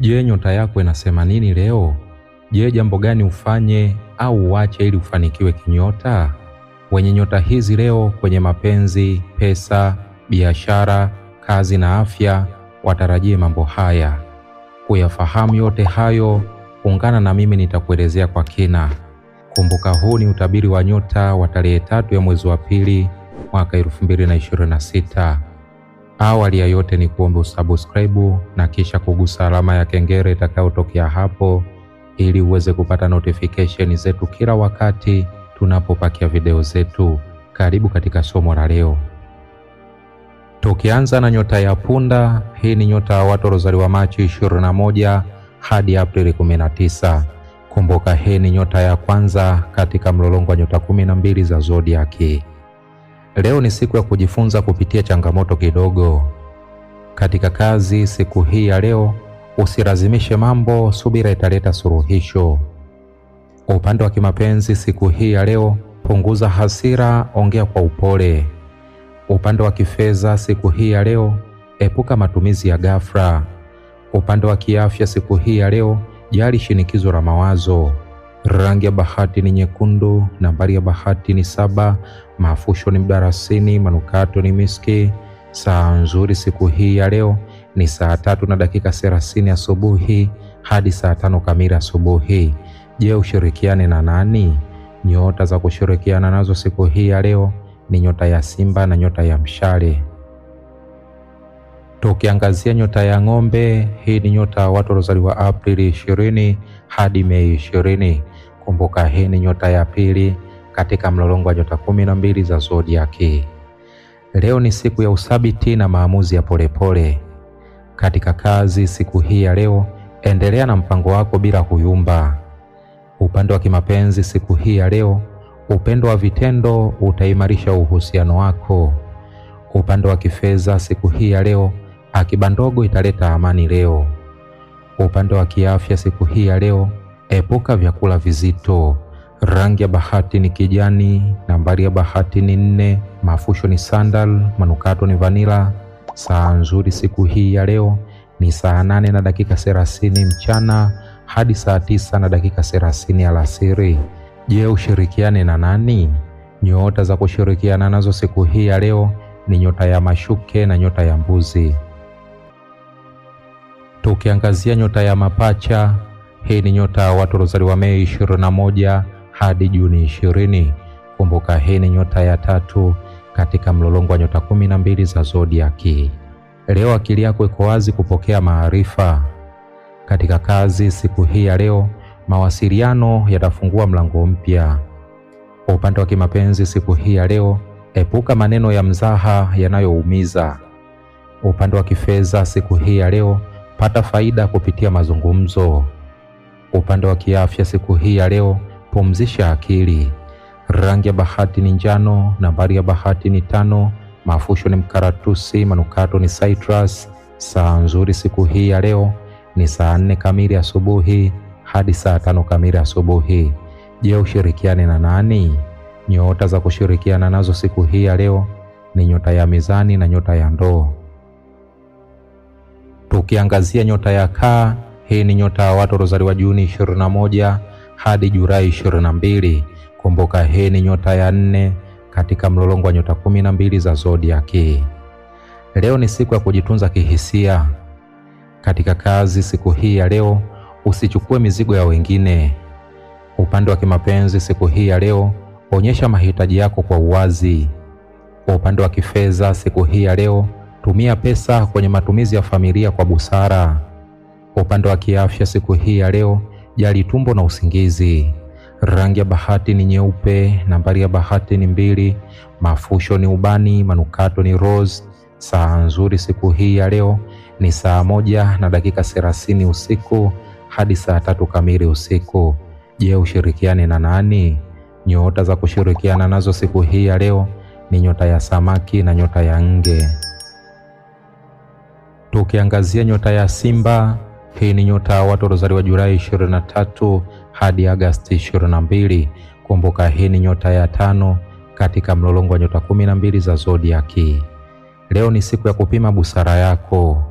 Je, nyota yako inasema nini leo? Je, jambo gani ufanye au uache ili ufanikiwe kinyota? Wenye nyota hizi leo kwenye mapenzi, pesa, biashara, kazi na afya watarajie mambo haya. Kuyafahamu yote hayo, ungana na mimi nitakuelezea kwa kina. Kumbuka, huu ni utabiri wa nyota wa tarehe tatu ya mwezi wa pili mwaka 2026. Awali ya yote ni kuombe usubscribe na kisha kugusa alama ya kengele itakayotokea hapo ili uweze kupata notification zetu kila wakati tunapopakia video zetu. Karibu katika somo la leo, tukianza na nyota ya punda. Hii ni nyota ya watu waliozaliwa Machi 21 hadi Aprili 19. Kumbuka, hii ni nyota ya kwanza katika mlolongo wa nyota 12 za zodiaki. Leo ni siku ya kujifunza kupitia changamoto kidogo. Katika kazi siku hii ya leo, usilazimishe mambo, subira italeta suluhisho. Upande wa kimapenzi siku hii ya leo, punguza hasira, ongea kwa upole. Upande wa kifedha siku hii ya leo, epuka matumizi ya ghafla. Upande wa kiafya siku hii ya leo, jali shinikizo la mawazo. Rangi ya bahati ni nyekundu. Nambari ya bahati ni saba. Mafusho ni mdarasini. Manukato ni miski. Saa nzuri siku hii ya leo ni saa tatu na dakika thelathini asubuhi hadi saa tano kamili asubuhi. Je, ushirikiane na nani? Nyota za kushirikiana nazo siku hii ya leo ni nyota ya Simba na nyota ya Mshale. Tukiangazia nyota ya Ng'ombe, hii ni nyota ya watu waliozaliwa Aprili ishirini hadi Mei ishirini. Kumbuka hii ni nyota ya pili katika mlolongo wa nyota kumi na mbili za zodiaki. Leo ni siku ya uthabiti na maamuzi ya polepole pole. Katika kazi siku hii ya leo, endelea na mpango wako bila kuyumba. Upande wa kimapenzi siku hii ya leo, upendo wa vitendo utaimarisha uhusiano wako. Upande wa kifedha siku hii ya leo, akiba ndogo italeta amani leo. Upande wa kiafya siku hii ya leo Epuka vyakula vizito. Rangi ya bahati ni kijani. Nambari ya bahati ni nne. Mafusho ni sandal. Manukato ni vanila. Saa nzuri siku hii ya leo ni saa nane na dakika thelathini mchana hadi saa tisa na dakika thelathini alasiri. Je, ushirikiane na nani? Nyota za kushirikiana nazo siku hii ya leo ni nyota ya mashuke na nyota ya mbuzi. Tukiangazia nyota ya mapacha hii ni Nyota ya Watu Rozari Mei 21 hadi Juni 20. Kumbuka hii ni nyota ya tatu katika mlolongo wa nyota kumi na mbili za zodiaki. Leo akili yako iko wazi kupokea maarifa. Katika kazi siku hii ya leo, mawasiliano yatafungua mlango mpya. Kwa upande wa kimapenzi siku hii ya leo, epuka maneno ya mzaha yanayoumiza. Upande wa kifedha siku hii ya leo, pata faida kupitia mazungumzo. Upande wa kiafya siku hii ya leo, pumzisha akili. Rangi ya bahati ni njano. Nambari ya bahati ni tano. Mafusho ni mkaratusi. Manukato ni citrus. Saa nzuri siku hii ya leo ni saa nne kamili asubuhi hadi saa tano kamili asubuhi. Je, ushirikiane na nani? Nyota za kushirikiana nazo siku hii ya leo ni nyota ya mizani na nyota ya ndoo. Tukiangazia nyota ya kaa hii ni nyota ya watu waliozaliwa Juni 21 hadi Julai 22. Kumbuka hii ni nyota ya nne katika mlolongo wa nyota kumi na mbili za zodiaki. Leo ni siku ya kujitunza kihisia. Katika kazi siku hii ya leo, usichukue mizigo ya wengine. Upande wa kimapenzi siku hii ya leo, onyesha mahitaji yako kwa uwazi. Upande wa kifedha siku hii ya leo, tumia pesa kwenye matumizi ya familia kwa busara. Kwa upande wa kiafya siku hii ya leo, jali tumbo na usingizi. Rangi ya bahati ni nyeupe, nambari ya bahati ni mbili, mafusho ni ubani, manukato ni rose. Saa nzuri siku hii ya leo ni saa moja na dakika 30 usiku hadi saa tatu kamili usiku. Je, ushirikiane na nani? Nyota za kushirikiana nazo siku hii ya leo ni nyota ya samaki na nyota ya nge. Tukiangazia nyota ya Simba, hii ni nyota watu waliozaliwa Julai 23 hadi Agasti 22. Kumbuka hii ni nyota ya tano katika mlolongo wa nyota kumi na mbili za zodiaki. Leo ni siku ya kupima busara yako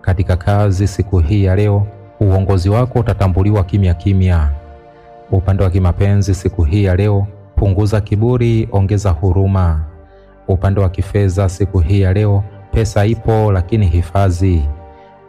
katika kazi. Siku hii ya leo, uongozi wako utatambuliwa kimya kimya. Upande wa kimapenzi, siku hii ya leo, punguza kiburi, ongeza huruma. Upande wa kifedha, siku hii ya leo, pesa ipo lakini hifadhi.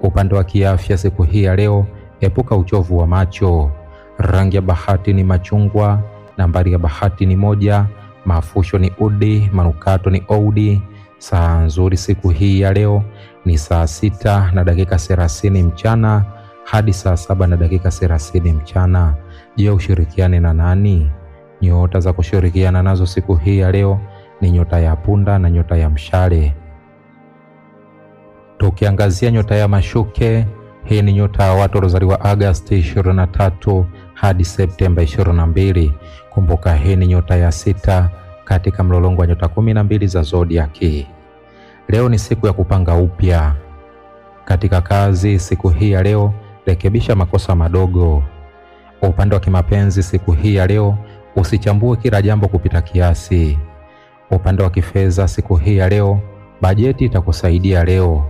Kwa upande wa kiafya siku hii ya leo, epuka uchovu wa macho. Rangi ya bahati ni machungwa. Nambari ya bahati ni moja. Mafusho ni udi. Manukato ni oudi. Saa nzuri siku hii ya leo ni saa sita na dakika thelathini mchana hadi saa saba na dakika thelathini mchana. Je, ushirikiane na nani? Nyota za kushirikiana nazo siku hii ya leo ni nyota ya punda na nyota ya mshale tukiangazia nyota ya mashuke. Hii ni nyota ya watu waliozaliwa Agasti 23 hadi Septemba 22. Kumbuka hii ni nyota ya sita katika mlolongo wa nyota kumi na mbili za zodiaki. Leo ni siku ya kupanga upya katika kazi. Siku hii ya leo, rekebisha makosa madogo. Upande wa kimapenzi, siku hii ya leo, usichambue kila jambo kupita kiasi. Upande wa kifedha, siku hii ya leo, bajeti itakusaidia leo.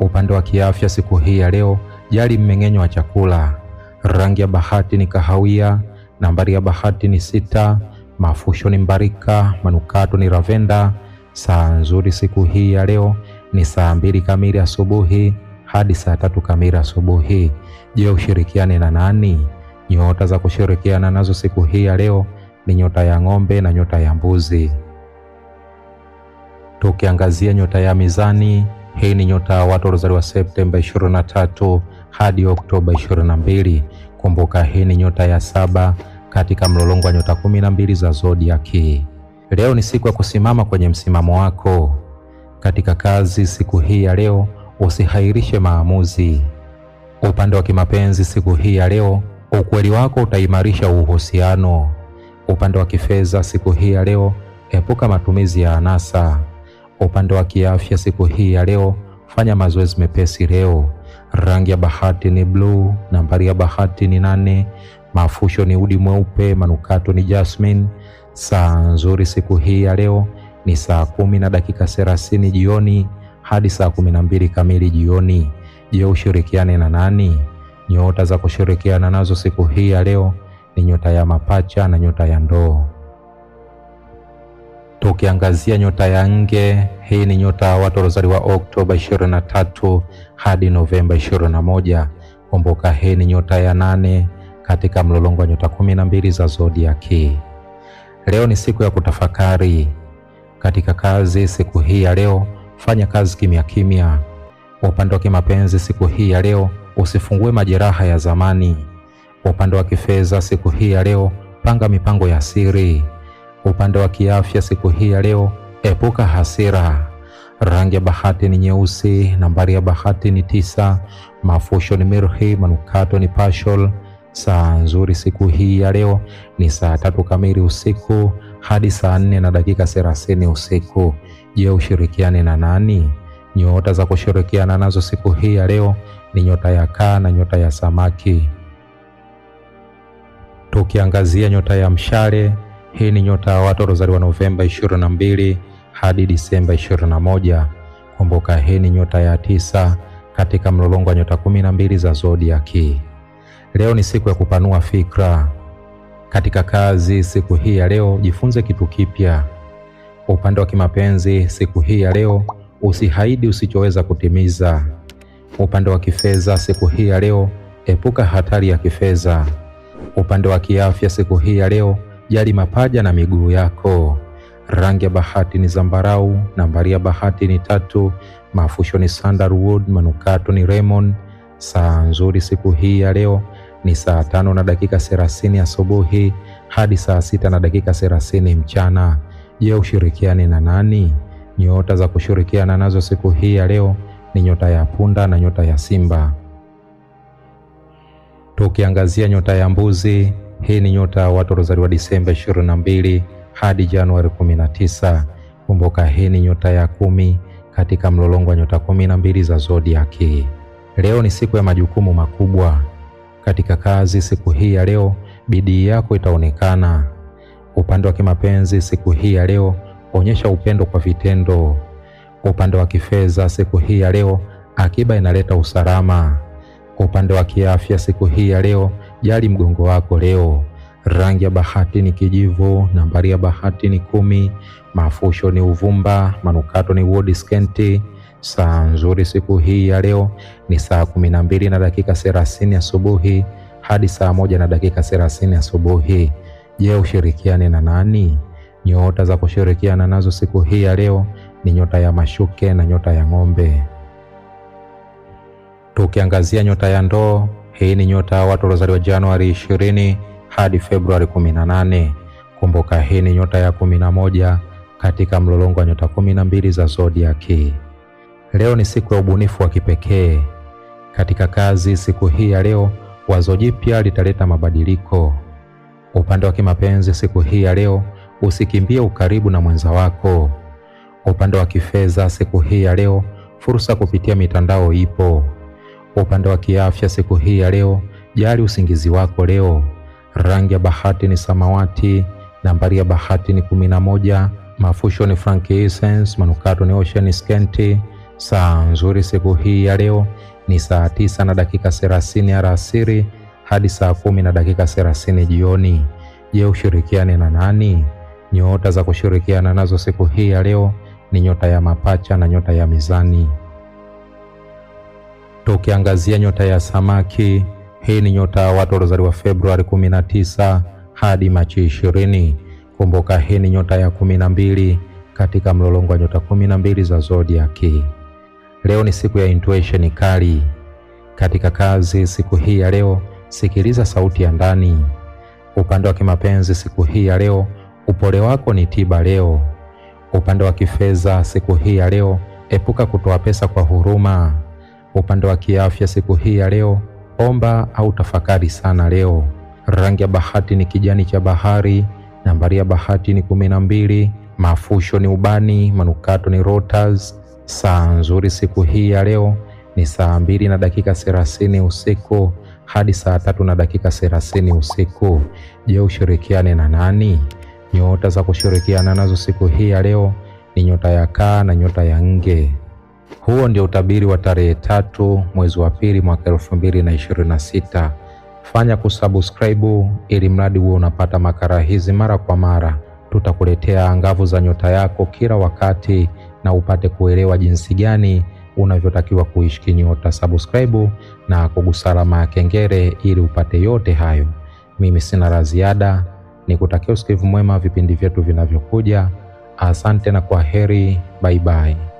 Upande wa kiafya siku hii ya leo, jali mmeng'enyo wa chakula. Rangi ya bahati ni kahawia. Nambari ya bahati ni sita. Mafusho ni mbarika. Manukato ni ravenda. Saa nzuri siku hii ya leo ni saa mbili kamili asubuhi hadi saa tatu kamili asubuhi. Je, ushirikiane na nani? Nyota za kushirikiana nazo siku hii ya leo ni nyota ya ng'ombe na nyota ya mbuzi. Tukiangazia nyota ya mizani hii ni nyota ya watu waliozaliwa Septemba 23 hadi Oktoba 22. Kumbuka hii ni nyota ya saba katika mlolongo wa nyota kumi na mbili za zodiaki. Leo ni siku ya kusimama kwenye msimamo wako katika kazi. Siku hii ya leo usihairishe maamuzi. Upande wa kimapenzi, siku hii ya leo ukweli wako utaimarisha uhusiano. Upande wa kifedha, siku hii ya leo epuka matumizi ya anasa. Kwa upande wa kiafya siku hii ya leo, fanya mazoezi mepesi leo. Rangi ya bahati ni bluu, nambari ya bahati ni nane, mafusho ni udi mweupe, manukato ni jasmine. Saa nzuri siku hii ya leo ni saa kumi na dakika thelathini jioni hadi saa kumi na mbili kamili jioni. Je, ushirikiane na nani? Nyota za kushirikiana nazo siku hii ya leo ni nyota ya mapacha na nyota ya ndoo tukiangazia nyota ya nge. Hii ni nyota ya watu waliozaliwa Oktoba 23 hadi Novemba 21. Kumbuka hii ni nyota ya nane katika mlolongo wa nyota kumi na mbili za zodiaki. Leo ni siku ya kutafakari katika kazi. Siku hii ya leo fanya kazi kimya kimya. Upande wa kimapenzi, siku hii ya leo usifungue majeraha ya zamani. Upande wa kifedha, siku hii ya leo panga mipango ya siri. Upande wa kiafya siku hii ya leo, epuka hasira. Rangi ya bahati ni nyeusi. Nambari ya bahati ni tisa. Mafusho ni mirhi. Manukato ni pashol. Saa nzuri siku hii ya leo ni saa tatu kamili usiku hadi saa nne na dakika thelathini usiku. Je, ushirikiane na nani? Nyota za kushirikiana nazo siku hii ya leo ni nyota ya kaa na nyota ya samaki. Tukiangazia nyota ya mshale hii ni Nyota ya Watu waliozaliwa Novemba 22 hadi Disemba 21. Kumbuka, hii ni nyota ya tisa katika mlolongo wa nyota 12 mbili za zodiaki. Leo ni siku ya kupanua fikra katika kazi. Siku hii ya leo jifunze kitu kipya. Upande wa kimapenzi, siku hii ya leo usihaidi usichoweza kutimiza. Upande wa kifedha, siku hii ya leo epuka hatari ya kifedha. Upande wa kiafya, siku hii ya leo jali mapaja na miguu yako. Rangi ya bahati ni zambarau, nambari ya bahati ni tatu, mafusho ni sandalwood, manukato ni lemon. Saa nzuri siku hii ya leo ni saa tano na dakika thelathini asubuhi hadi saa sita na dakika thelathini mchana. Je, ushirikiane na nani? Nyota za kushirikiana nazo siku hii ya leo ni nyota ya punda na nyota ya simba. Tukiangazia nyota ya mbuzi hii ni nyota ya watu waliozaliwa Disemba 22 hadi Januari 19. Kumbuka, hii ni nyota ya kumi katika mlolongo wa nyota kumi na mbili za zodiaki. Leo ni siku ya majukumu makubwa katika kazi. Siku hii ya leo bidii yako itaonekana. Upande wa kimapenzi, siku hii ya leo onyesha upendo kwa vitendo. Upande wa kifedha, siku hii ya leo akiba inaleta usalama. Upande wa kiafya, siku hii ya leo Jali mgongo wako leo. Rangi ya bahati ni kijivu, nambari ya bahati ni kumi, mafusho ni uvumba, manukato ni wood skenti. Saa nzuri siku hii ya leo ni saa kumi na mbili na dakika 30 asubuhi hadi saa moja na dakika 30 asubuhi. Je, ushirikiane na nani? Nyota za kushirikiana nazo siku hii ya leo ni nyota ya mashuke na nyota ya ng'ombe. Tukiangazia nyota ya ndoo hii ni nyota ya watu waliozaliwa Januari 20 hadi Februari 18. Kumbuka, hii ni nyota ya 11 katika mlolongo wa nyota 12 za zodiaki. Leo ni siku ya ubunifu wa kipekee katika kazi. Siku hii ya leo, wazo jipya litaleta mabadiliko. Upande wa kimapenzi, siku hii ya leo, usikimbie ukaribu na mwenza wako. Upande wa kifedha, siku hii ya leo, fursa kupitia mitandao ipo. Kwa upande wa kiafya siku hii ya leo, jali usingizi wako leo. Rangi ya bahati ni samawati. Nambari ya bahati ni kumi na moja. Mafusho ni frankincense, manukato ni ocean skenti. Saa nzuri siku hii ya leo ni saa tisa na dakika thelathini alasiri hadi saa kumi na dakika thelathini jioni. Je, ushirikiane na nani? Nyota za kushirikiana nazo siku hii ya leo ni nyota ya mapacha na nyota ya mizani tukiangazia nyota ya samaki. Hii ni nyota ya watu waliozaliwa Februari 19 hadi Machi 20. Kumbuka, hii ni nyota ya 12 katika mlolongo wa nyota 12 za zodiaki. Leo ni siku ya intuition kali katika kazi. Siku hii ya leo, sikiliza sauti ya ndani. Upande wa kimapenzi, siku hii ya leo, upole wako ni tiba leo. Upande wa kifedha, siku hii ya leo, epuka kutoa pesa kwa huruma. Kwa upande wa kiafya siku hii ya leo, omba au tafakari sana leo. Rangi ya bahati ni kijani cha bahari. Nambari ya bahati ni kumi na mbili. Mafusho ni ubani, manukato ni rotas. Saa nzuri siku hii ya leo ni saa mbili na dakika thelathini usiku hadi saa tatu na dakika thelathini usiku. Je, ushirikiane na nani? Nyota za kushirikiana nazo siku hii ya leo ni nyota ya kaa na nyota ya nge. Huo ndio utabiri wa tarehe tatu mwezi wa pili mwaka elfu mbili na ishirini na sita. Fanya kusubscribe ili mradi huo unapata makala hizi mara kwa mara. Tutakuletea angavu za nyota yako kila wakati na upate kuelewa jinsi gani unavyotakiwa kuishi nyota. Subscribe na kugusa alama ya kengele ili upate yote hayo. Mimi sina la ziada, nikutakia usikivu mwema vipindi vyetu vinavyokuja. Asante na kwa heri, baibai.